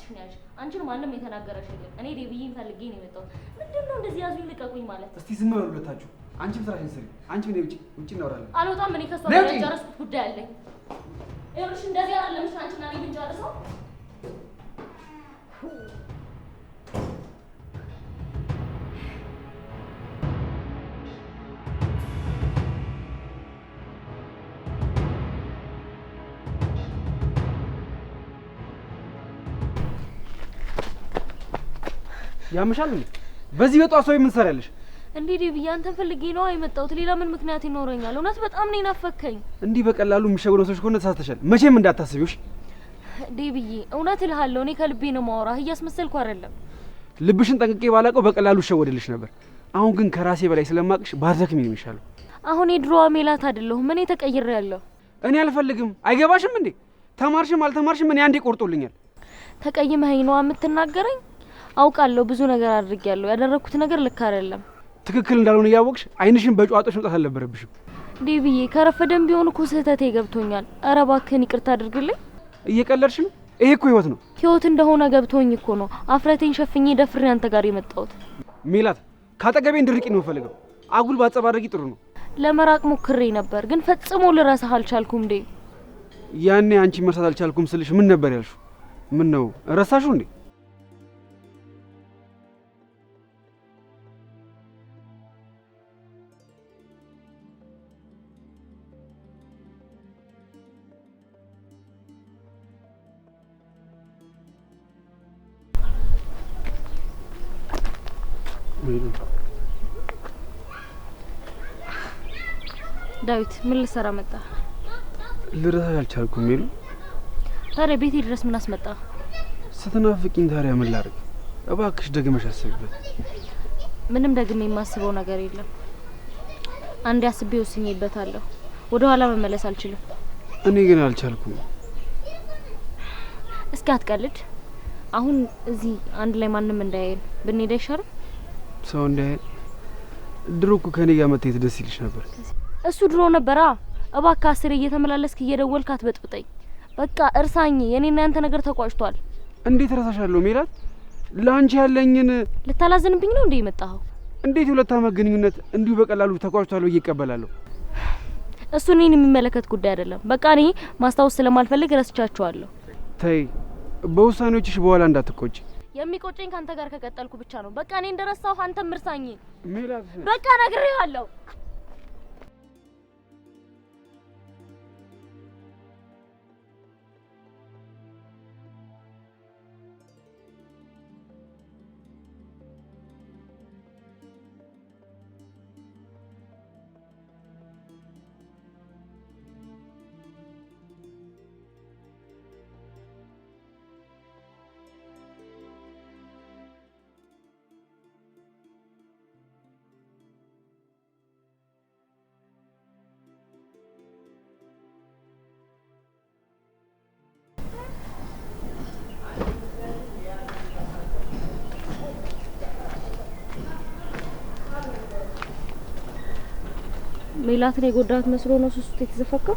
ራስሽን ያልሽ አንቺን ማንም የተናገረሽ ነገር እኔ ዴብዬን ፈልጌ ነው የመጣሁት። ምንድን ነው እንደዚህ ያዙኝ ልቀቁኝ ማለት? እስቲ ዝም በሉ ሁለታችሁ። አንቺም ስራሽን ስሪ። አንቺም ውጭ ውጭ እናወራለን። አልወጣም። እኔ ከእሷ ጋር የጨረስኩት ጉዳይ አለኝ። ይኸውልሽ እንደዚህ አላለምሽ አንቺና እኔ ብንጨርሰው ያምሻል እንዴ? በዚህ በጧት ሰው ምን ሰራለሽ? እንዴ ዴብ አንተን ፈልጌ ነው የመጣሁት። ሌላ ምን ምክንያት ይኖረኛል? እውነት በጣም ነው ናፈከኝ። እንዲህ በቀላሉ የሚሸወዱ ሰዎች ከሆነ ተሳስተሻል። መቼም እንዳታስቢውሽ ዴብዬ። እውነት እልሃለሁ፣ እኔ ከልቤ ነው ማወራህ፣ እያስመሰልኩ አይደለም። ልብሽን ጠንቅቄ ባላውቀው በቀላሉ እሸወድልሽ ነበር። አሁን ግን ከራሴ በላይ ስለማቅሽ ባትደክሚ ነው የሚሻለው። አሁን የድሮዋ ሜላት አይደለሁም። እኔ ተቀይሬያለሁ። እኔ አልፈልግም። አይገባሽም እንዴ? ተማርሽም አልተማርሽም እኔ አንዴ ቆርጦልኛል። ተቀይመኸኝ ነዋ የምትናገረኝ አውቃለሁ። ብዙ ነገር አድርጌያለሁ። ያደረግኩት ነገር ልክ አይደለም። ትክክል እንዳልሆነ እያወቅሽ አይንሽን በጨዋጦች መውጣት አልነበረብሽም። ከረፈ ከረፈደም ቢሆን እኮ ስህተቴ ገብቶኛል። እረ እባክህን ይቅርታ አድርግልኝ። እየቀለድሽ ነው። ይሄ እኮ ህይወት ነው። ህይወት እንደሆነ ገብቶኝ እኮ ነው አፍረቴን ሸፍኜ ደፍሬ አንተ ጋር የመጣሁት። ሜላት ከአጠገቤ እንድርቂ ነው ፈልገው። አጉል ባጸባረቂ ጥሩ ነው። ለመራቅ ሞክሬ ነበር፣ ግን ፈጽሞ ልረሳህ አልቻልኩም። ዴ ያኔ አንቺ መርሳት አልቻልኩም ስልሽ ምን ነበር ያልሹ? ምን ነው ረሳሹ እንዴ? ዳዊት ምን ልሰራ መጣ? ልረሳ አልቻልኩም ሜሉ። ታዲያ ቤቴ ድረስ ምን አስመጣ? ስትናፍቂኝ ታዲያ ምን ላርግ? እባክሽ ደግመሽ አስቢበት። ምንም ደግሜ የማስበው ነገር የለም። አንዴ አስቤ ወስኜበታለሁ። ወደ ኋላ መመለስ አልችልም። እኔ ግን አልቻልኩም። እስኪ አትቀልድ። አሁን እዚህ አንድ ላይ ማንም እንዳያየን ብንሄድ አይሻልም? ሰው እንዳያየን። ድሮ እኮ ከኔ ጋር መታየት ደስ ይልሽ ነበር። እሱ ድሮ ነበራ። እባክህ አስሬ እየተመላለስክ እየደወልክ አትበጥብጠኝ። በቃ እርሳኝ። የኔና ያንተ ነገር ተቋጭቷል። እንዴት ረሳሻለሁ ሜላት? ለአንቺ ያለኝን ልታላዝንብኝ ነው እንዴ የመጣኸው? እንዴት የሁለት አመት ግንኙነት እንዲሁ በቀላሉ ተቋጭቷል ብዬ እቀበላለሁ? እሱ እኔን የሚመለከት ጉዳይ አይደለም። በቃ እኔ ማስታወስ ስለማልፈልግ ረስቻቸዋለሁ። ተይ፣ በውሳኔዎችሽ በኋላ እንዳትቆጭ። የሚቆጨኝ ከአንተ ጋር ከቀጠልኩ ብቻ ነው። በቃ እኔ እንደረሳሁ አንተም እርሳኝ ሜላት። በቃ ነግሬሃለሁ። ሜላትን የጎዳት መስሎ ነው ሱስ ውስጥ የተዘፈቀው።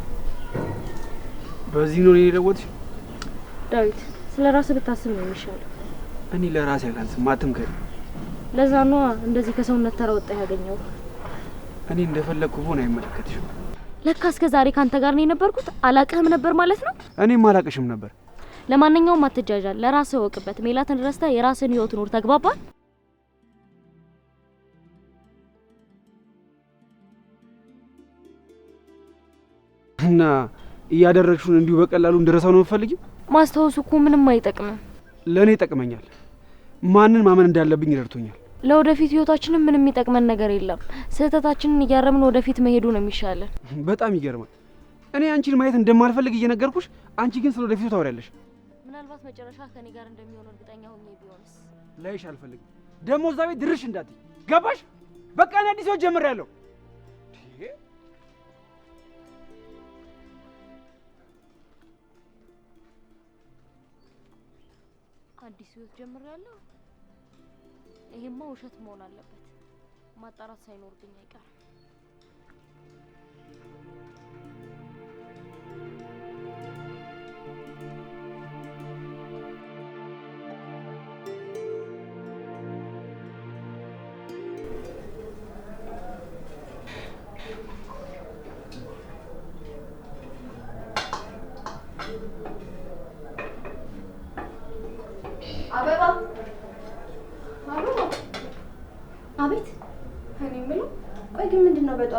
በዚህ ነው እኔ የለወጥሽ። ዳዊት ስለ ራስህ ብታስብ ነው የሚሻለው። እኔ ለራሴ አላንስም፣ አትምከሪ። ለዛ ነዋ እንደዚህ ከሰውነት ተራ ወጣ ያገኘው። እኔ እንደፈለግኩ ብሆን አይመለከትሽም። ለካ እስከ ዛሬ ካንተ ጋር ነው የነበርኩት። አላቅህም ነበር ማለት ነው። እኔም አላቅሽም ነበር። ለማንኛውም አትጃጃል፣ ለራስህ እወቅበት። ሜላትን ረስተህ የራስህን ህይወት ኑር። ተግባባል? እና እያደረግሽውን እንዲሁ በቀላሉ እንድረሳው ነው የምፈልጊው? ማስታወሱ እኮ ምንም አይጠቅምም። ለእኔ ይጠቅመኛል። ማንን ማመን እንዳለብኝ ይረድቶኛል። ለወደፊት ህይወታችንም ምንም የሚጠቅመን ነገር የለም። ስህተታችንን እያረምን ወደፊት መሄዱ ነው የሚሻለን። በጣም ይገርማል። እኔ አንቺን ማየት እንደማልፈልግ እየነገርኩሽ፣ አንቺ ግን ስለ ወደፊቱ ታወሪያለሽ። ምናልባት መጨረሻ ከኔ ጋር እንደሚሆን እርግጠኛ ሆኜ ቢሆንስ? ላይሽ አልፈልግም። ደግሞ እዛ ቤት ድርሽ እንዳትይ ገባሽ? በቃ እኔ አዲስ ህይወት ጀምሬያለሁ። አዲስ ህይወት ጀምሬያለሁ። ይሄማ ውሸት መሆን አለበት። ማጣራት ሳይኖርብኝ አይቀርም።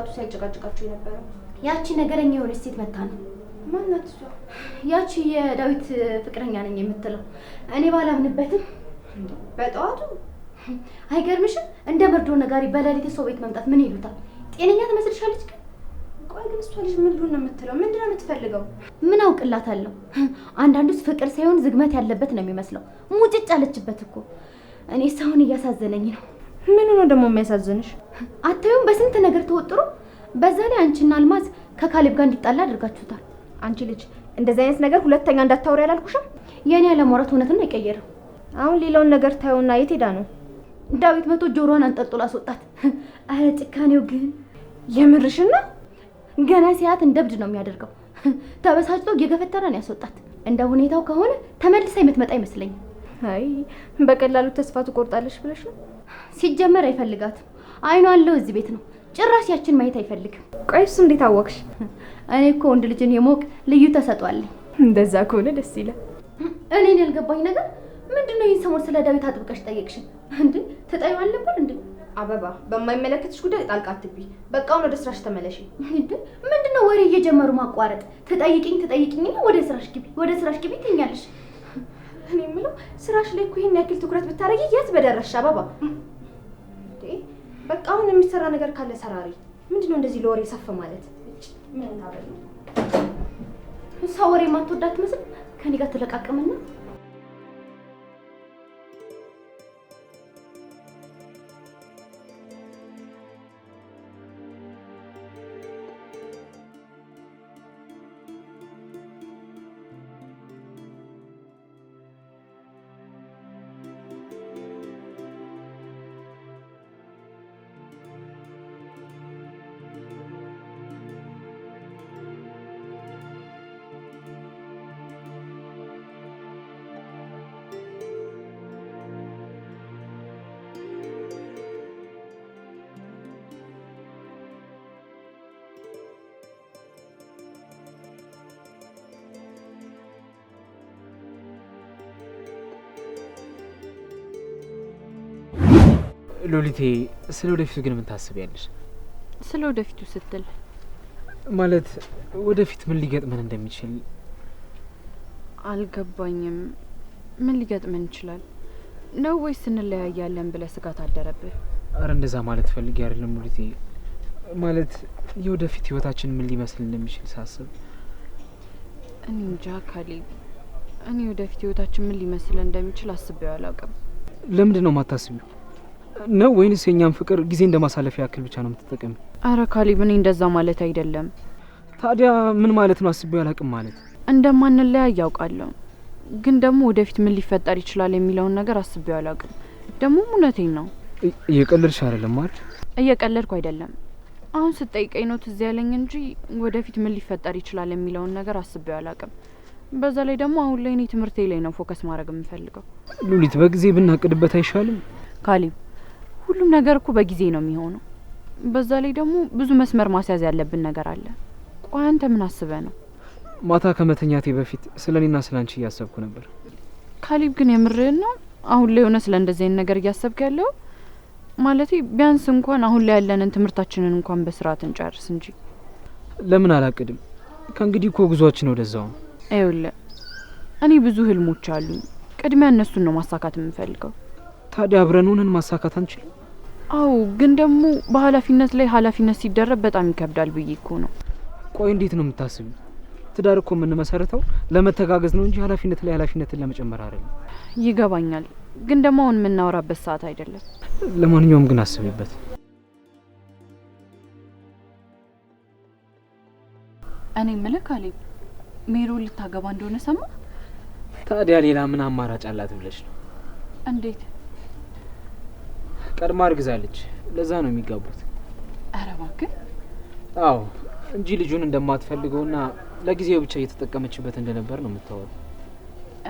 ጠዋቱ ሲያጨቃጭቃችሁ የነበረው? ያቺ ነገረኛ የሆነች ሴት መታ ነው። ማናት እሷ? ያቺ የዳዊት ፍቅረኛ ነኝ የምትለው እኔ ባላምንበትም በጠዋቱ አይገርምሽም? እንደ መርዶ ነጋሪ በሌሊት ሰው ቤት መምጣት ምን ይሉታል? ጤነኛ ትመስልሻለች ግን ቆይ ግን እሷ ልጅ ምን ብሎ ነው የምትለው? ምንድን ነው የምትፈልገው? ምን አውቅላታለሁ። አንዳንዱስ ፍቅር ሳይሆን ዝግመት ያለበት ነው የሚመስለው። ሙጭጭ አለችበት እኮ። እኔ ሰውን እያሳዘነኝ ነው። ምኑ ነው ደግሞ የሚያሳዝንሽ? አታዩም? በስንት ነገር ተወጥሮ በዛ ላይ አንቺና አልማዝ ከካሌብ ጋር እንዲጣላ አድርጋችሁታል። አንቺ ልጅ እንደዚህ አይነት ነገር ሁለተኛ እንዳታወሪ አላልኩሽም? የእኔ አለማውራት እውነትን አይቀየርም። አሁን ሌላውን ነገር ታየውና የት ሄዳ ነው? ዳዊት መቶ ጆሮዋን አንጠልጥሎ አስወጣት። አረ ጭካኔው ግን የምርሽና፣ ገና ሲያት እንደ እብድ ነው የሚያደርገው። ተበሳጭቶ እየገፈተረ ነው ያስወጣት። እንደ ሁኔታው ከሆነ ተመልሳ የምትመጣ አይመስለኝም። አይ በቀላሉ ተስፋ ትቆርጣለሽ ብለሽ ነው ሲጀመር አይፈልጋትም። አይኑ አለው እዚህ ቤት ነው። ጭራሽ ያችን ማየት አይፈልግም። ቆይ እሱ እንዴት አወቅሽ? እኔ እኮ ወንድ ልጅን የሞቅ ልዩ ተሰጧለኝ። እንደዛ ከሆነ ደስ ይላል። እኔን ያልገባኝ ነገር ምንድን ነው? ይህን ሰሞን ስለ ዳዊት አጥብቀሽ ጠየቅሽ እንዴ? ተጠዩ አልነበር እንዴ? አበባ በማይመለከትሽ ጉዳይ ጣልቃ አትግቢ። በቃውን ወደ ስራሽ ተመለሽ። ምንድነው ወሬ እየጀመሩ ማቋረጥ? ተጠይቅኝ ተጠይቅኝ፣ ወደ ስራሽ ግቢ፣ ወደ ስራሽ ግቢ ትኛለሽ እኔ የምለው ስራሽ ላይ እኮ ይሄን ያክል ትኩረት ብታደርጊ የት በደረሽ አበባ። በቃ አሁን የሚሰራ ነገር ካለ ሰራሪ። ምንድን ነው እንደዚህ ለወሬ ሰፍ ማለት? ምን ታበል ወሬ ማትወዳት መስል ከኔ ጋር ትለቃቅምና ሎሊቴ ስለ ወደፊቱ ግን ምን ታስቢያለሽ? ስለ ወደፊቱ ስትል ማለት ወደፊት ምን ሊገጥመን እንደሚችል አልገባኝም። ምን ሊገጥመን ይችላል ነው ወይስ እንለያያለን ብለህ ስጋት አደረብህ? አረ እንደዛ ማለት ፈልጌ አይደለም ሉሊቴ። ማለት የወደፊት ህይወታችን ምን ሊመስል እንደሚችል ሳስብ እኔ እንጃ ካሌብ። እኔ የወደፊት ህይወታችን ምን ሊመስል እንደሚችል አስቤው አላውቅም። ለምንድን ነው ማታስቢው? ነው ወይንስ የእኛም ፍቅር ጊዜ እንደማሳለፍ ያክል ብቻ ነው የምትጠቀሚ? አረ ካሊ እኔ እንደዛ ማለት አይደለም። ታዲያ ምን ማለት ነው? አስቤው አላቅም ማለት እንደማንለያይ ያውቃለሁ፣ ግን ደግሞ ወደፊት ምን ሊፈጠር ይችላል የሚለውን ነገር አስቤው አላቅም። ደግሞ እውነቴን ነው። እየቀለድሽ አይደለም ማለት? እየቀለድኩ አይደለም። አሁን ስጠይቀኝ ነው ትዝ ያለኝ እንጂ ወደፊት ምን ሊፈጠር ይችላል የሚለውን ነገር አስቤው አላቅም። በዛ ላይ ደግሞ አሁን ላይ እኔ ትምህርቴ ላይ ነው ፎከስ ማድረግ የምፈልገው። ሉሊት፣ በጊዜ ብናቅድበት አይሻልም? ካሌብ ሁሉም ነገር እኮ በጊዜ ነው የሚሆነው። በዛ ላይ ደግሞ ብዙ መስመር ማስያዝ ያለብን ነገር አለ። ቆይ አንተ ምን አስበህ ነው? ማታ ከመተኛቴ በፊት ስለ እኔና ስለ አንቺ እያሰብኩ ነበር። ካሊብ ግን የምርህን ነው? አሁን ላይ ሆነ ስለ እንደዚህ አይነት ነገር እያሰብክ ያለው? ማለቴ ቢያንስ እንኳን አሁን ላይ ያለንን ትምህርታችንን እንኳን በስርዓት እንጨርስ እንጂ። ለምን አላቅድም? ከእንግዲህ እኮ ጉዟችን ወደዛው ነው። ይኸውልህ እኔ ብዙ ህልሞች አሉኝ። ቅድሚያ እነሱን ነው ማሳካት የምፈልገው። ታዲያ አብረን ሆነን ማሳካት አንችልም? አዎ፣ ግን ደግሞ በኃላፊነት ላይ ኃላፊነት ሲደረብ በጣም ይከብዳል ብዬ እኮ ነው። ቆይ እንዴት ነው የምታስቢ? ትዳር እኮ የምንመሰረተው ለመተጋገዝ ነው እንጂ ኃላፊነት ላይ ኃላፊነትን ለመጨመር አይደለም። ይገባኛል፣ ግን ደግሞ አሁን የምናወራበት ሰዓት አይደለም። ለማንኛውም ግን አስቢበት። እኔ ምልክ አለ ልታገባ እንደሆነ ሰማ። ታዲያ ሌላ ምን አማራጭ አላት ብለች ነው? እንዴት ቀድማ አርግዛለች። ለዛ ነው የሚጋቡት። አረ እባክህ። አዎ እንጂ ልጁን እንደማትፈልገውና ለጊዜው ብቻ እየተጠቀመችበት እንደነበር ነው የምታወሩ።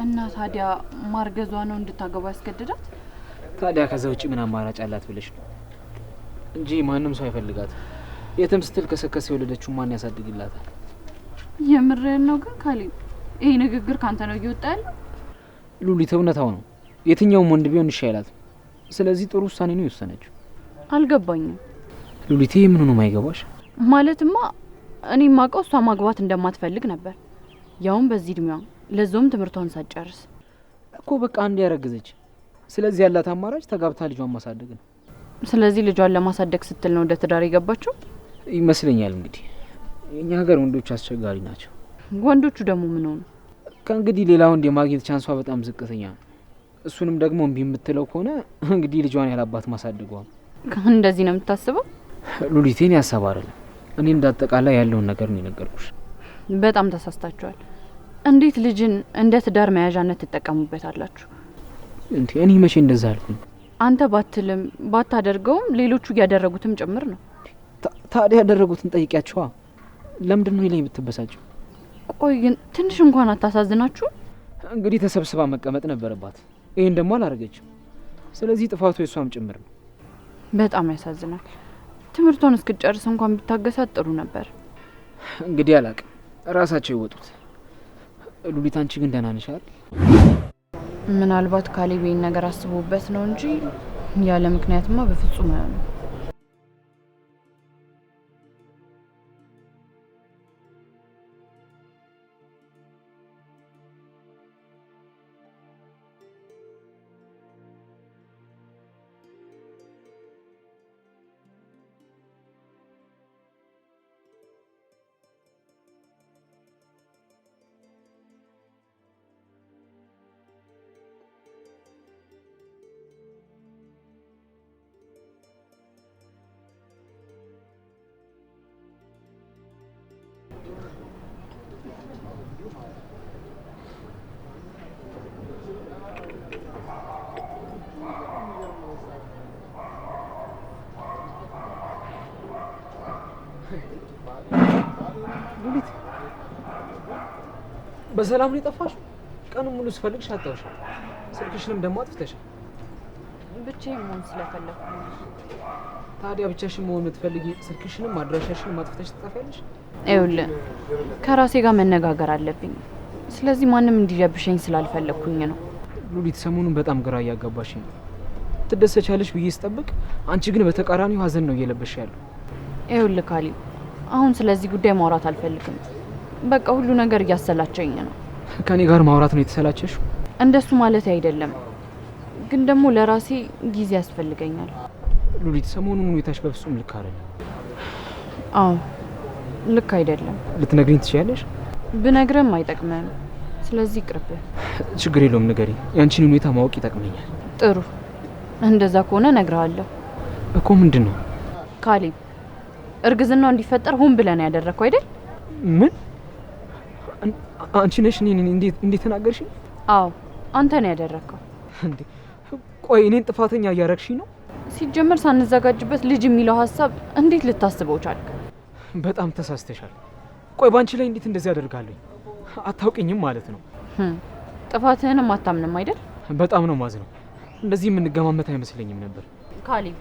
እና ታዲያ ማርገዟ ነው እንድታገባ ያስገድዳት? ታዲያ ከዛ ውጭ ምን አማራጭ አላት ብለሽ ነው? እንጂ ማንም ሰው አይፈልጋት። የትም ስትል ከሰከስ የወለደችው ማን ያሳድግላታል? የምሬን ነው። ግን ካሌብ፣ ይሄ ንግግር ካንተ ነው እየወጣ ያለው። ሉሊት እውነታው ነው። የትኛውም ወንድ ቢሆን እሺ ስለዚህ ጥሩ ውሳኔ ነው የወሰነችው። አልገባኝም ሉሊቴ፣ የምኑ ነው ማይገባሽ? ማለትማ እኔ ማውቀው እሷ ማግባት እንደማትፈልግ ነበር፣ ያውም በዚህ እድሜዋ ለዛውም ትምህርቷን ሳትጨርስ እኮ። በቃ አንድ ያረግዘች። ስለዚህ ያላት አማራጭ ተጋብታ ልጇን ማሳደግ ነው። ስለዚህ ልጇን ለማሳደግ ስትል ነው ወደ ትዳር የገባችው ይመስለኛል። እንግዲህ የእኛ ሀገር ወንዶች አስቸጋሪ ናቸው። ወንዶቹ ደግሞ ምን ሆኑ? ከእንግዲህ ሌላ ወንድ የማግኘት ቻንሷ በጣም ዝቅተኛ ነው። እሱንም ደግሞ እምቢ የምትለው ከሆነ እንግዲህ ልጇን ያላባት ማሳድገዋል። እንደዚህ ነው የምታስበው? ሉሊቴን ያሰባራል። እኔ እንዳጠቃላይ ያለውን ነገር ነው የነገርኩሽ። በጣም ተሳስታችኋል። እንዴት ልጅን እንደ ትዳር መያዣነት ትጠቀሙበታላችሁ? እንዴ እኔ መቼ እንደዛ አልኩኝ? አንተ ባትልም ባታደርገውም ሌሎቹ እያደረጉትም ጭምር ነው። ታዲያ ያደረጉትን ጠይቂያቸዋ። ለምንድን ነው ላይ የምትበሳጭው? ቆይ ትንሽ እንኳን አታሳዝናችሁ? እንግዲህ ተሰብስባ መቀመጥ ነበረባት። ይሄን ደግሞ አላደረገችም። ስለዚህ ጥፋቱ የእሷም ጭምር ነው። በጣም ያሳዝናል። ትምህርቷን እስክትጨርስ እንኳን ቢታገሳት ጥሩ ነበር። እንግዲህ አላቅም፣ እራሳቸው ይወጡት። ሉሊት፣ አንቺ ግን ደህና ነሽ አይደል? ምናልባት ካሌብ ይህን ነገር አስቦበት ነው እንጂ ያለ ምክንያትማ በፍጹም አይሆንም። በሰላም ነው የጠፋሽው? ቀኑን ሙሉ ስፈልግሽ አጣሁሻል። ስልክሽንም ደግሞ አጥፍተሻል። ብቻዬን መሆን ስለፈለኩ ታዲያ ብቻሽን መሆን የምትፈልጊ ስልክሽንም አድራሻሽንም አጥፍተሽ ትጠፊያለሽ? ይኸውልህ ከራሴ ጋር መነጋገር አለብኝ። ስለዚህ ማንም እንዲረብሸኝ ስላልፈለግኩኝ ነው። ሉሊት ሰሞኑን በጣም ግራ እያጋባሽ ነው። ትደሰቻለሽ ብዬ ስጠብቅ፣ አንቺ ግን በተቃራኒው ሀዘን ነው እየለበሽ ያለው። ይኸውልህ ካሌብ፣ አሁን ስለዚህ ጉዳይ ማውራት አልፈልግም። በቃ ሁሉ ነገር እያሰላቸኝ ነው። ከእኔ ጋር ማውራት ነው የተሰላቸሽ? እንደሱ ማለት አይደለም፣ ግን ደግሞ ለራሴ ጊዜ ያስፈልገኛል። ሉሊት፣ ሰሞኑን ሁኔታሽ በፍጹም ልክ አይደለም። አዎ ልክ አይደለም። ልትነግሪኝ ትችያለሽ? ብነግረም አይጠቅምም። ስለዚህ ቅርብ። ችግር የለውም ንገሪኝ። ያንቺን ሁኔታ ማወቅ ይጠቅመኛል። ጥሩ፣ እንደዛ ከሆነ እነግርሃለሁ። እኮ ምንድን ነው ካሌብ? እርግዝናው እንዲፈጠር ሆን ብለን ያደረግከው አይደል? ምን? አንቺ ነሽ እኔን እንዴት ተናገርሽ? አዎ አንተ ነው ያደረግከው። ቆይ እኔን ጥፋተኛ እያረግሽኝ ነው? ሲጀመር ሳንዘጋጅበት ልጅ የሚለው ሀሳብ እንዴት ልታስበው ቻልክ? በጣም ተሳስተሻል። ቆይ ባንቺ ላይ እንዴት እንደዚህ አደርጋለኝ? አታውቅኝም ማለት ነው። ጥፋትህንም አታምንም አይደል? በጣም ነው ማዝ ነው። እንደዚህ የምንገማመት አይመስለኝም ነበር። ካሌብ፣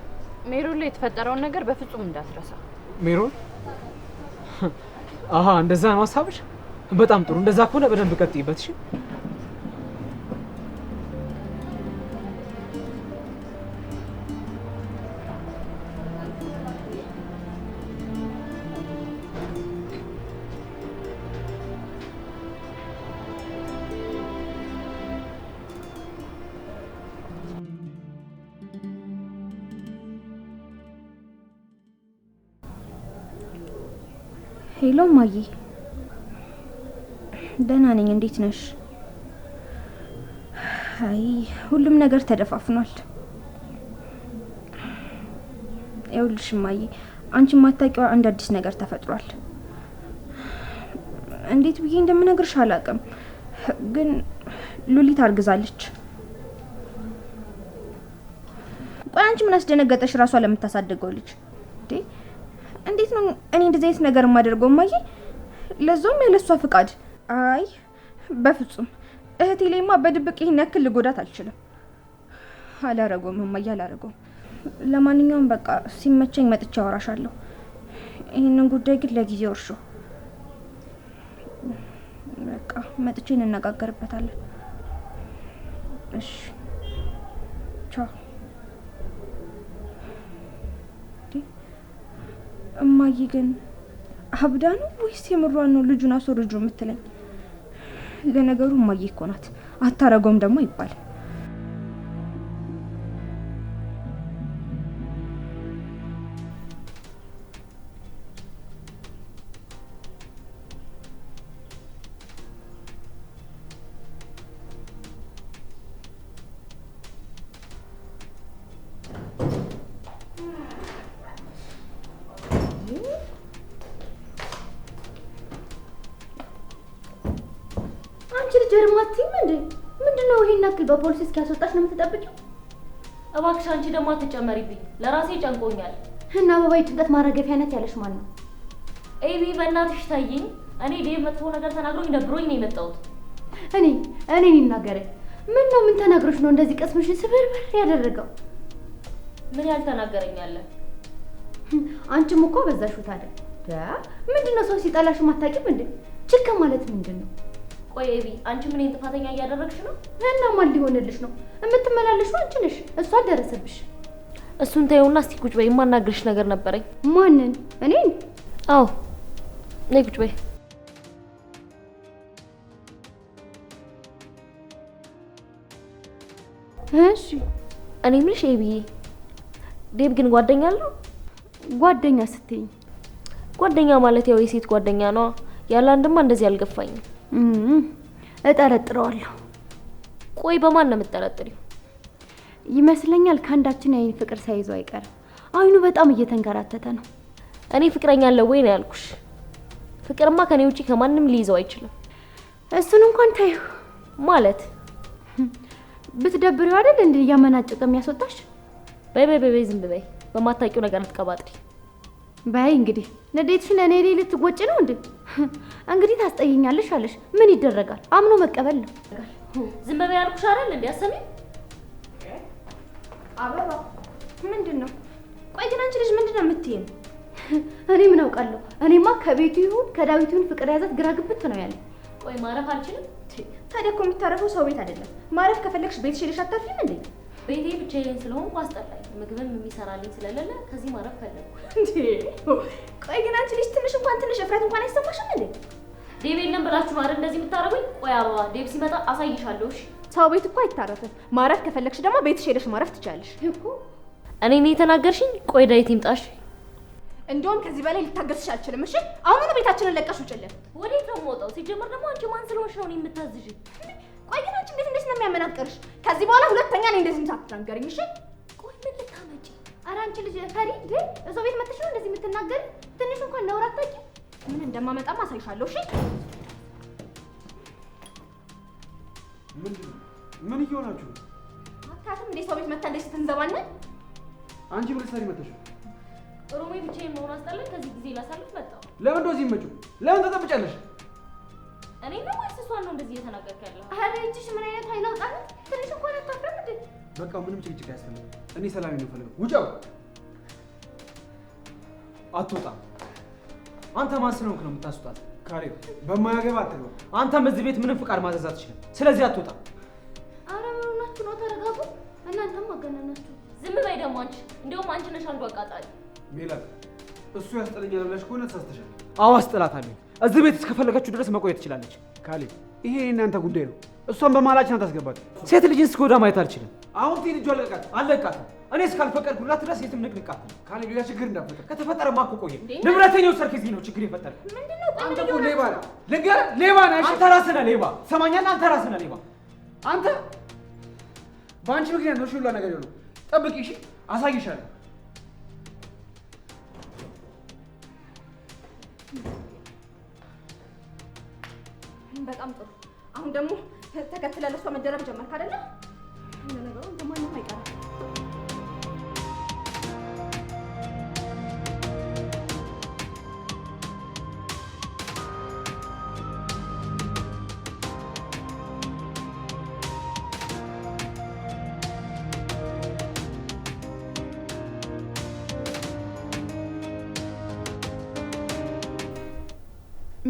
ሜሮን ላይ የተፈጠረውን ነገር በፍጹም እንዳትረሳ። ሜሮን? አሀ፣ እንደዛ ነው ሀሳብሽ። በጣም ጥሩ። እንደዛ ከሆነ በደንብ ቀጥይበት። እሺ ሄሎ ማዬ፣ ደህና ነኝ። እንዴት ነሽ? አይ ሁሉም ነገር ተደፋፍኗል። ይኸውልሽ ማዬ፣ አንቺ ማታቂዋ አንድ አዲስ ነገር ተፈጥሯል። እንዴት ብዬ እንደምነግርሽ አላውቅም፣ ግን ሉሊት አርግዛለች። ቆይ አንቺ ምን አስደነገጠሽ? ራሷ ለምታሳድገው ልጅ እኔ እንደዚህ አይነት ነገር የማደርገው ማየ ለዛውም ያለሷ ፍቃድ። አይ በፍጹም እህቴ ላይማ በድብቅ ይህን ያክል ልጎዳት አልችልም። አላረገውም እማዬ፣ አላረገውም። ለማንኛውም በቃ ሲመቸኝ መጥቼ አወራሻለሁ። ይህንን ጉዳይ ግን ለጊዜው እርሾ በቃ መጥቼ እንነጋገርበታለን። እሺ እማዬ ግን አብዳ ነው ወይስ የምሯን ነው ልጁን አስወርጁ የምትለኝ? ለነገሩ እማዬ እኮ ናት። ደግሞ ይባል አንቺ ልጅ ደግሞ እንዴ? ምንድን ነው ይሄን ያክል በፖሊስ እስኪያስወጣሽ ነው የምትጠብቂው? እባክሽ አንቺ ደግሞ አትጨመሪብኝ፣ ለራሴ ጨንቆኛል። እና አበባዬ ጭንቀት ማራገፊያ ናት ያለሽ ማን ነው? ኤቢ በእናትሽ ታይኝ። እኔ ዴ መጥፎ ነገር ተናግሮኝ ደብሮኝ ነው የመጣሁት። እኔ እኔ ይናገረኝ ምን ነው ምን ተናግሮሽ ነው እንደዚህ ቀስምሽን ስብርብር ያደረገው? ምን ያልተናገረኛለ? አንቺም እኮ በዛሽው። ታዲያ ምንድን ሰው ሲጠላሽ አታውቂም እንዴ? ችክ ማለት ምንድን ነው? ቆይ ኤቢ፣ አንቺ ምን ጥፋተኛ እያደረግሽ ነው? እና ማን ሊሆንልሽ ነው? የምትመላለሽው አንቺ ነሽ። እሷ አልደረሰብሽ። እሱን ተይውና እስቲ ቁጭ በይ፣ የማናግርሽ ነገር ነበረኝ። ማንን? እኔን? አዎ፣ ነይ ቁጭ በይ። እሺ። እኔ የምልሽ ኤቢዬ፣ ዴብ ግን ጓደኛ አለው? ጓደኛ ስትይኝ? ጓደኛ ማለት ያው የሴት ጓደኛ ነዋ። ያለ አንድማ እንደዚህ አልገፋኝም። እጠረጥረዋለሁ። ቆይ በማን ነው የምጠረጥሪው? ይመስለኛል ከአንዳችን የአይን ፍቅር ሳይዞ አይቀርም። አይኑ በጣም እየተንከራተተ ነው። እኔ ፍቅረኛ አለው ወይ ነው ያልኩሽ። ፍቅርማ ከኔ ውጪ ከማንም ሊይዘው አይችልም። እሱን እንኳን ታዩ ማለት ብትደብሪው አይደል እንዴ? እያመናጨቀ የሚያስወጣሽ። በይ በይ በይ፣ ዝም በይ። በማታውቂው ነገር አትቀባጥሪ። በይ እንግዲህ ንዴትሽን እኔ ላይ ልትጎጭ ነው እንዴ? እንግዲህ ታስጠይኛለሽ አለሽ። ምን ይደረጋል? አምኖ መቀበል ነው። ዝም በይ ያልኩሽ አይደል እንዴ? አሰሚኝ አበባ። ምንድን ነው? ቆይ ግን አንቺ ልጅ ምንድን ነው የምትይኝ? እኔ ምን አውቃለሁ? እኔማ ከቤቱ ይሁን ከዳዊት ይሁን ፍቅር ያዛት ግራ ግብት ነው ያለኝ። ቆይ ማረፍ አልችልም። ታዲያ እኮ የምታረፈው ሰው ቤት አይደለም። ማረፍ ከፈለግሽ ቤትሽ ሄደሽ አታርፊም እንዴ? ቤቴ ብቻዬን ስለሆንኩ አስጠላኝ። ምግብም የሚሰራልኝ ስለሌለ ከዚህ ማረፍ ፈለግኩ። ቆይ ግን አንቺ ልጅ ትንሽ እንኳን ትንሽ እፍረት እንኳን አይሰማሽም እንዴ? ዴብ የለም ብላችሁ ማረ እንደዚህ የምታረጉኝ? ቆይ አበባ ዴብ ሲመጣ አሳይሻለሁ። እሺ ሰው ቤት እኮ አይታረፍም። ማረፍ ከፈለግሽ ደግሞ ቤትሽ ሄደሽ ማረፍ ትቻለሽ እኮ። እኔ ነው የተናገርሽኝ? ቆይ ዳዊት ይምጣሽ። እንደውም ከዚህ በላይ ልታገርሽ አልችልም። እሺ አሁኑኑ ቤታችንን ለቀሽ ውጭልን። ወዴት ነው የምወጣው? ሲጀምር ደግሞ አንቺ ማን ስለሆንሽ ነው እኔ የምታዝዥኝ? ቆይ ግን አንቺ እንዴት እንዴት ነው የሚያመናቅርሽ? ከዚህ በኋላ ሁለተኛ እኔ እንደዚህ ሳትናገሪኝ እሺ? ቆይ ምን ልታመጪ? ኧረ አንቺ ልጅ ፈሪ ግን እዛው ቤት መጥተሽ ነው እንደዚህ የምትናገሪ? ትንሽ እንኳን ነውር አታውቂም። ምን እንደማመጣም አሳይሻለሁ እሺ? ምን እየሆናችሁ ነው? አታውቅም እንዴ ሰው ቤት መታ እንደዚህ ስትንዘባነን? አንቺ ምን ልትሰሪ መጥተሽ? ሮሜ ብቻዬን መሆን አስጠላኝ። ከዚህ ጊዜ ላሳልፍ መጣሁ። ለምን እንደዚህ መጪው? ለምን ተጠብጫለሽ? እኔ ነው እንደዚህ እየተናገርክ ያለው? አረ እጅሽ ምን አይነት ኃይል አውጣለት። ትንሽ እንኳን አታፍረም እንዴ? በቃ ምንም ጭቅጭቅ አያስፈልግም። እኔ ሰላም ነው የምፈልገው። ውጫው አትወጣም። አንተ ማስነውክ ነው የምታስወጣት። ካሬ በማያገባ አትገባ። አንተም እዚህ ቤት ምንም ፍቃድ ማዘዝ አትችልም። ስለዚህ አትወጣም። አረ ምናችሁ ነው? ተረጋጉ። እናንተም አገናናችሁ። ዝም በይ ደግሞ አንቺ። እንደውም አንቺ ነሽ አንዱ አቃጣሪ። ሜላት እሱ ያስጠለኛል ብለሽ ከሆነ ተሳስተሻል። አዎ አስጠላታለሁ። እዚህ ቤት እስከፈለጋችሁ ድረስ መቆየት ትችላለች። ካሌ ይሄ እናንተ ጉዳይ ነው። እሷን በማላችን አታስገባት። ሴት ልጅን እስከወዳ ማየት አልችልም። አሁን ቴ ልጁ አለቃት አለቃት እኔ እስካልፈቀድኩላት ድረስ የትም ንቅንቃት ካለ ሌላ ችግር እንዳፈጠ ከተፈጠረ ማኮ ቆየ ንብረቴን የወሰድክ እዚህ ነው ችግር የፈጠረ አንተ እኮ ሌባ ነህ። ልንገር ሌባ ነህ። አንተ ራስህ ነህ ሌባ። ሰማኛለህ? አንተ ራስህ ነህ ሌባ። አንተ በአንቺ ምክንያት ነው ሽላ ነገር የሆነው። ጠብቂ፣ እሺ አሳይሻለሁ። በጣም ጥሩ። አሁን ደግሞ ተከትለ ለእሷ መደረብ ጀመርክ አይደለ? ነገሩ እንደማንም አይቀርም።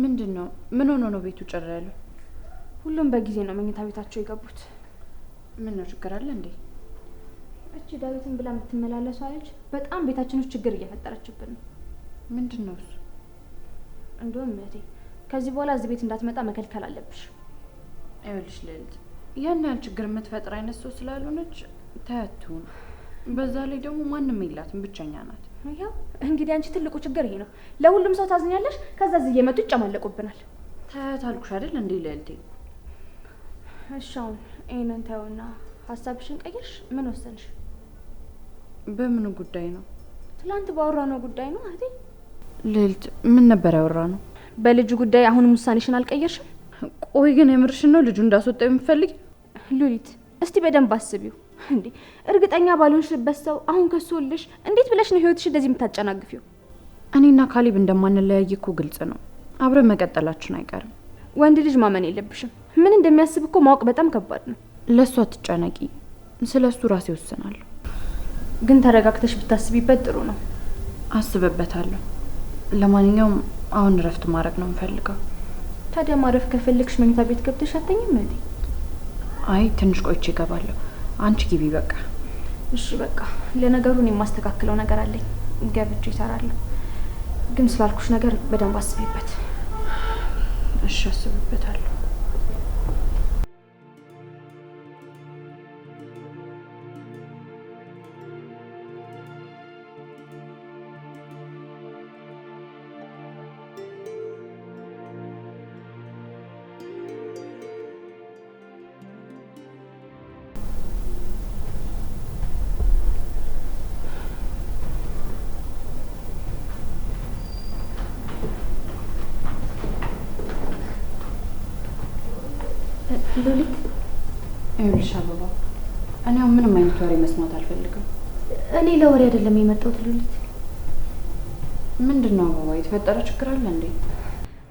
ምንድን ነው? ምን ሆኖ ነው ቤቱ ጭር ያለው? ሁሉም በጊዜ ነው መኝታ ቤታቸው የገቡት። ምን ነው ችግር አለ እንዴ? እቺ ዳዊትን ብላ የምትመላለሱ አለች። በጣም ቤታችን ውስጥ ችግር እየፈጠረችብን ነው። ምንድን ነው እሱ? እንደውም እህቴ ከዚህ በኋላ እዚህ ቤት እንዳትመጣ መከልከል አለብሽ። ይኸውልሽ ልዕልት ያን ያህል ችግር የምትፈጥር አይነት ሰው ስላልሆነች ተያትሁን። በዛ ላይ ደግሞ ማንም የላትም፣ ብቸኛ ናት። ይኸው እንግዲህ አንቺ ትልቁ ችግር ይሄ ነው። ለሁሉም ሰው ታዝኛለሽ፣ ከዛ እዚህ እየመጡ ይጨማለቁብናል። ታያታልኩሽ አይደል እንዴ ለልቴ። እሺ አሁን ይሄንን ተይውና ሀሳብሽን ቀይርሽ። ምን ወሰንሽ? በምን ጉዳይ ነው? ትላንት ባወራነው ጉዳይ ነው እህቴ። ልልት ምን ነበር ያወራነው? በልጁ ጉዳይ አሁንም ውሳኔሽን አልቀየርሽም? ቆይ ግን የምርሽን ነው ልጁ እንዳስወጣው የምፈልግ? ሉሊት እስቲ በደንብ አስቢው። እንዴ እርግጠኛ ባልሆንሽበት ሰው አሁን ከሶልሽ እንዴት ብለሽ ነው ህይወትሽ እንደዚህ የምታጨናግፊው? እኔና ካሊብ እንደማንለያይ እኮ ግልጽ ነው። አብረን መቀጠላችን አይቀርም። ወንድ ልጅ ማመን የለብሽም። ምን እንደሚያስብ እኮ ማወቅ በጣም ከባድ ነው። ለእሱ አትጨነቂ፣ ስለ እሱ ራሴ ወስናለሁ። ግን ተረጋግተሽ ብታስቢበት ጥሩ ነው። አስብበታለሁ። ለማንኛውም አሁን እረፍት ማድረግ ነው የምፈልገው። ታዲያ ማረፍ ከፈልግሽ መኝታ ቤት ገብተሽ አተኝም? አይ ትንሽ ቆይቼ እገባለሁ። አንቺ ግቢ በቃ። እሺ በቃ ለነገሩን የማስተካክለው ነገር አለኝ፣ ገብቼ እሰራለሁ። ግን ስላልኩሽ ነገር በደንብ አስቢበት እሺ? አስብበታለሁ። ሌላ ወሬ አይደለም የመጣሁት ሉሊት። ምንድን ነው አበባ? የተፈጠረ ችግር አለ እንዴ?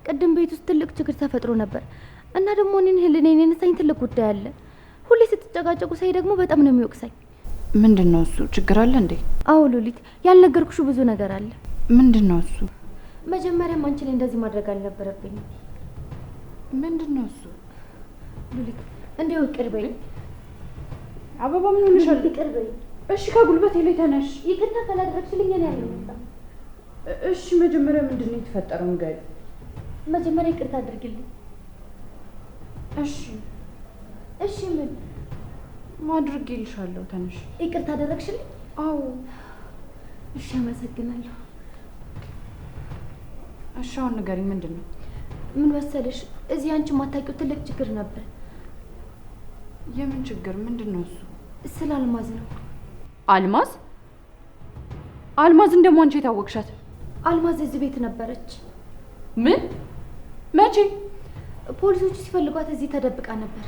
ቅድም ቤት ውስጥ ትልቅ ችግር ተፈጥሮ ነበር እና ደግሞ እኔን ህሊኔን የነሳኝ ትልቅ ጉዳይ አለ። ሁሌ ስትጨቃጨቁ ሳይ ደግሞ በጣም ነው የሚወቅሳኝ። ምንድን ነው እሱ? ችግር አለ እንዴ? አዎ ሉሊት፣ ያልነገርኩሽ ብዙ ነገር አለ። ምንድን ነው እሱ? መጀመሪያም አንቺ ላይ እንደዚህ ማድረግ አልነበረብኝም። ምንድን ነው እሱ? ሉሊት፣ እንዲሁ ይቅር በይኝ። አበባ ምን ሆነሻል? ይቅር በይኝ እሺ ከጉልበቴ ላይ ተነሽ። ይቅርታ ካላደረግሽልኝ እኔ አልመጣም። እሺ መጀመሪያ ምንድን ነው የተፈጠረው? ንገሪ። መጀመሪያ ይቅርታ አድርግልኝ። እሺ እሺ። ምን ማድርግ ይልሻለሁ? ተነሽ። ይቅርታ አደረግሽልኝ? አዎ። እሺ አመሰግናለሁ። እሺ አሁን ንገሪኝ፣ ምንድን ነው? ምን መሰለሽ፣ እዚህ አንቺ የማታውቂው ትልቅ ችግር ነበር። የምን ችግር? ምንድን ነው እሱ? ስለ አልማዝ ነው አልማዝ አልማዝ እንደ አንቺ የታወቅሻት? አልማዝ እዚህ ቤት ነበረች። ምን? መቼ? ፖሊሶቹ ሲፈልጓት እዚህ ተደብቃ ነበር።